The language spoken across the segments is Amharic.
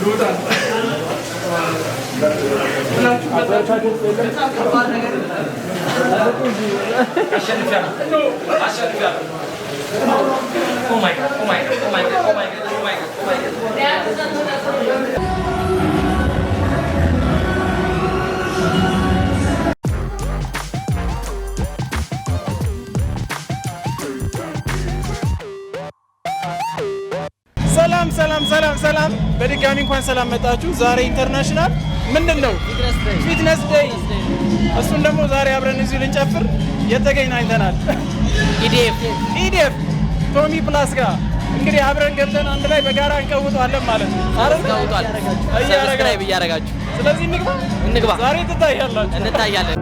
do that. Oh my god, oh my god, oh my god, oh my god, oh my god, oh my god. ሰላም ሰላም ሰላም፣ በድጋሚ እንኳን ሰላም መጣችሁ። ዛሬ ኢንተርናሽናል ምንድን ነው ፊትነስ ዴይ፣ እሱን ደግሞ ዛሬ አብረን እዚሁ ልንጨፍር የተገናኝተናል። ኢዲኤፍ e ኢዲኤፍ e ቶሚ ፕላስ ጋር እንግዲህ አብረን ገብተን አንድ ላይ በጋራ እንቀውጠዋለን ማለት ነው። እያረጋችሁ ስለዚህ እንግባ እንግባ፣ ዛሬ ትታያላችሁ፣ እንታያለን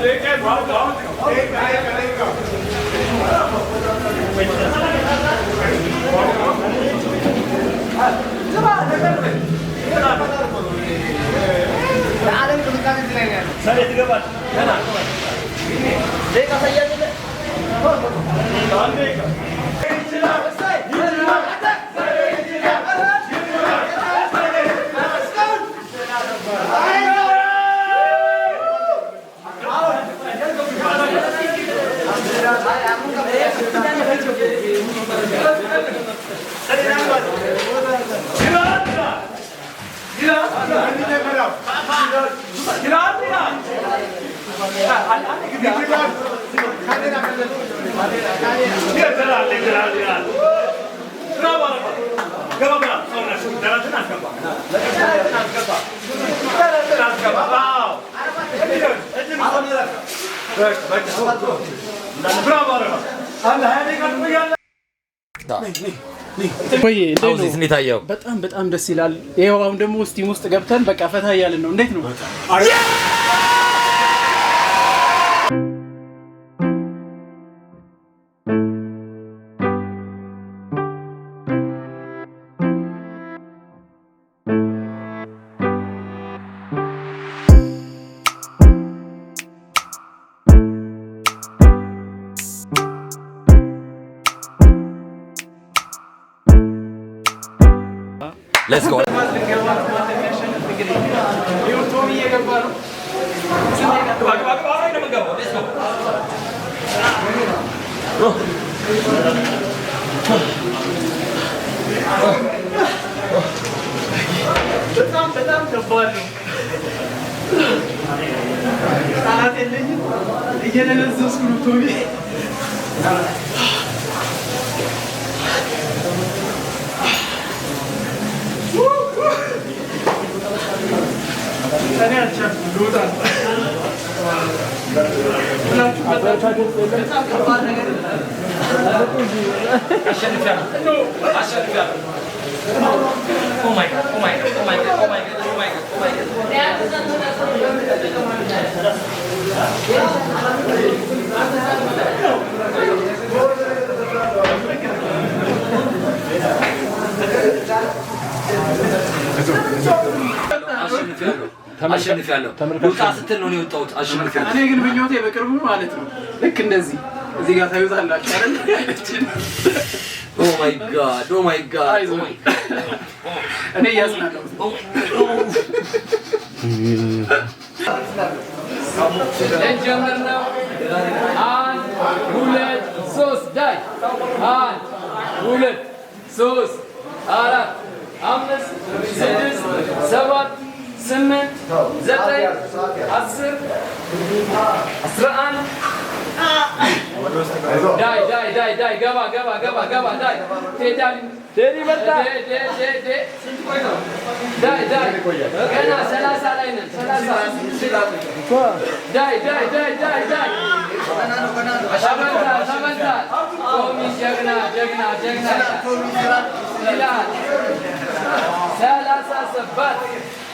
ಸರಿ ಎದುರು ಬರ್ತೀನಿ ಬೇಕಾ ಸೈಯಾಗಿದೆ በጣም በጣም ደስ ይላል። ይኸው አሁን ደግሞ ስቲም ውስጥ ገብተን በቃ ፈታ እያልን ነው። እንዴት ነው? እስከሆነ በጣም በጣም ከባድ ነው። ሰዓት የለኝም። እየደነዘዝኩ ነው ቶሚ ع ش h my oh my god, oh my god, oh my god, oh my god, oh my god. አሸንፊያለሁ። ሉቃ ስትል ነው የወጣሁት። አሸንፊያለሁ። እኔ ግን ምኞቴ በቅርቡ ማለት ነው ልክ እንደዚህ እዚህ ጋር ታዩታላችሁ አይደል? ኦ ማይ ጋድ ኦ ማይ ጋድ እኔ እያዝናለሁ። አንድ ሁለት ሶስት አራት አምስት ስድስት ሰባት ስምንት ዘጠኝ ዳይ ዳይ ዳይ ዳይ ገባ ገባ ገባ ገባ ዳይ ትሄዳለህ። ቴዲ መጣ። ዳይ ዳይ ገና ሰላሳ ላይ ነን። ሰላሳ ሰባት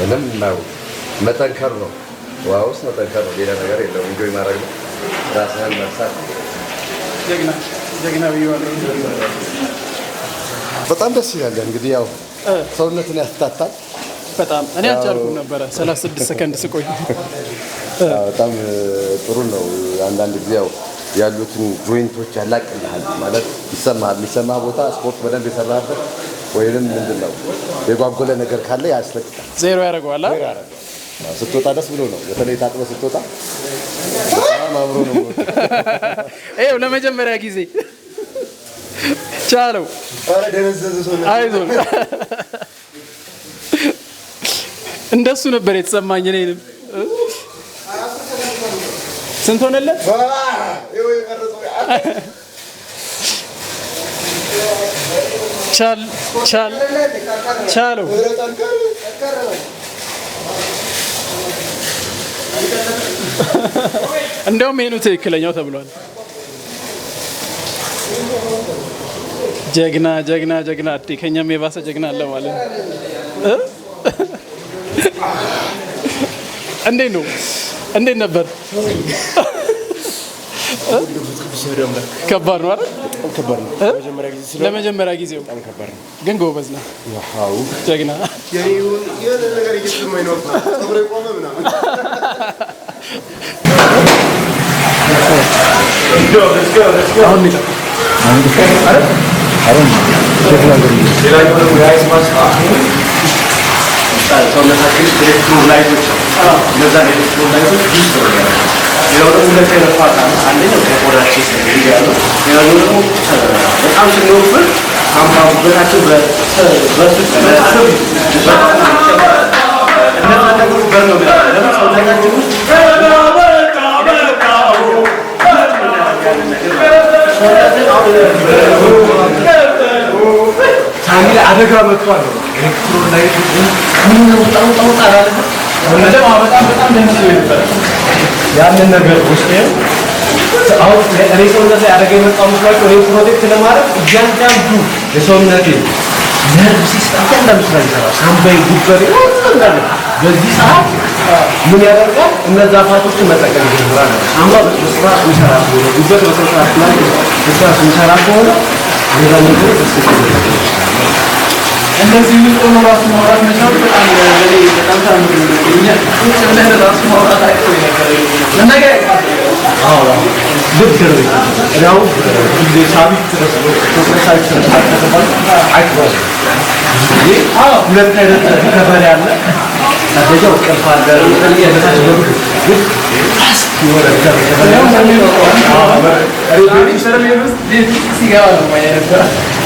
ምንም መጠንከር ነው። ውሃ ውስጥ መጠንከር ነው። ሌላ ነገር እንጆይ ማድረግ ነው። ራስህን መርሳት። በጣም ደስ ይላል። እንግዲህ ያው ሰውነትን ያስታታል። በጣም እኔ አልቻልኩም ነበረ 36 ሰከንድ ስቆይ። በጣም ጥሩ ነው። አንዳንድ ጊዜ ያው ያሉትን ጆይንቶች ያላቅልሃል ማለት ይሰማል። የሚሰማህ ቦታ ስፖርት በደንብ የሰራበት ወይንም ምንድን ነው የጓጎለ ነገር ካለ ያስለቅቃል። ዜሮ ያደርገዋል። ስትወጣ ደስ ብሎ ነው። በተለይ ታጥበ ስትወጣ አምሮ ነው። ይኸው ለመጀመሪያ ጊዜ ቻለው። አይዞ? እንደሱ ነበር የተሰማኝ። እኔንም ስንት ሆነለት? ቻል ቻል ቻለው እንደውም ትክክለኛው ተብሏል። ጀግና ጀግና ጀግና እ ከኛም የባሰ ጀግና አለ ማለት ነው። እንዴት ነው? እንዴት ነበር? ከባድ ነው አይደል? አልከበርም። ለመጀመሪያ ጊዜው አልከበርም፣ ግን ጎበዝ ነው። ጀግና ነገር ሰውነታችን ኤሌክትሮላይቶች ነው። እነዛ ኤሌክትሮላይቶች ጁስ ነው ያለው። ሌላው ደግሞ ሁለት አይነት ፋታ አንደኛው ከቆዳችን ስለሚሄድ ያለው ሌላኛው ደግሞ በጣም ስንወፍር አምባ ውበታችን እነዛ ነገሮች አደጋ መጥቷል ነው ኤሌክትሮላይት ያንን ነገር ውስጥ ሰውነት ላይ አደጋ የመጣ መስሏቸው እኔ ለማድረግ እያንዳንዱ የሰውነት ነርቭ ሲስተም እያንዳንዱ ስራ ይሰራል። ሳምባይ፣ ጉበሬ እንዳለ በዚህ ሰዓት ምን ያደርጋል? እነዛ ፋቶችን መጠቀም ይጀምራል። ሳምባ በስርዓት የሚሰራ ከሆነ፣ ጉበት በስርዓት ላይ ከሆነ ሌላ ነገር ደስ ይላል። እንደዚህ ውስጥ ሆኖ ራሱ ማውራት መቻል በጣም በጣም ታምር ነው። እኛ ቁጭ ብለን ራሱ ማውራት አይቶ ይነገር ያው ሁለት አይነት ከበሬ አለ። አደጃው ነው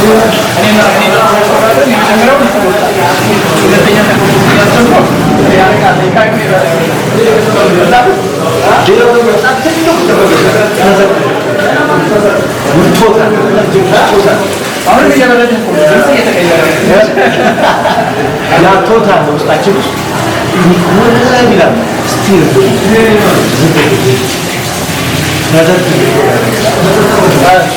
ቶታል ውስጣችን ውስጥ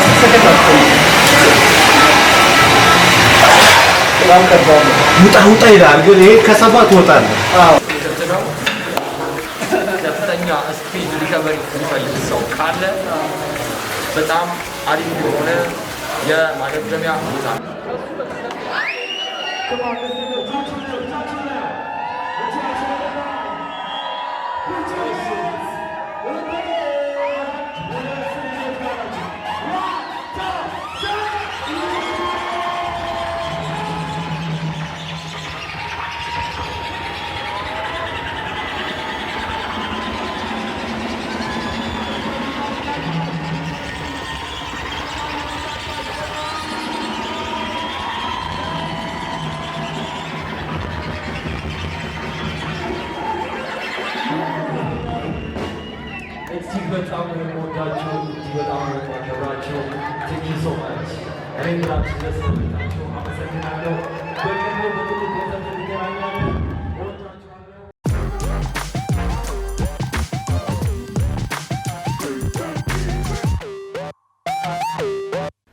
ውጣ ውጣ ይላል። ግን ይሄ ከሰባ ትወጣለህ። ከፍተኛ ስፒድ ሪከቨሪ የሚፈልግ ሰው ካለ በጣም አሪፍ የሆነ የማገገሚያ ቦታ ነው። በጣም የምወዳቸው እጅግ በጣም የማከብራቸው ቴንኪ ሶ ማች እኔ ምላችሁ ደስ አመሰግናለሁ።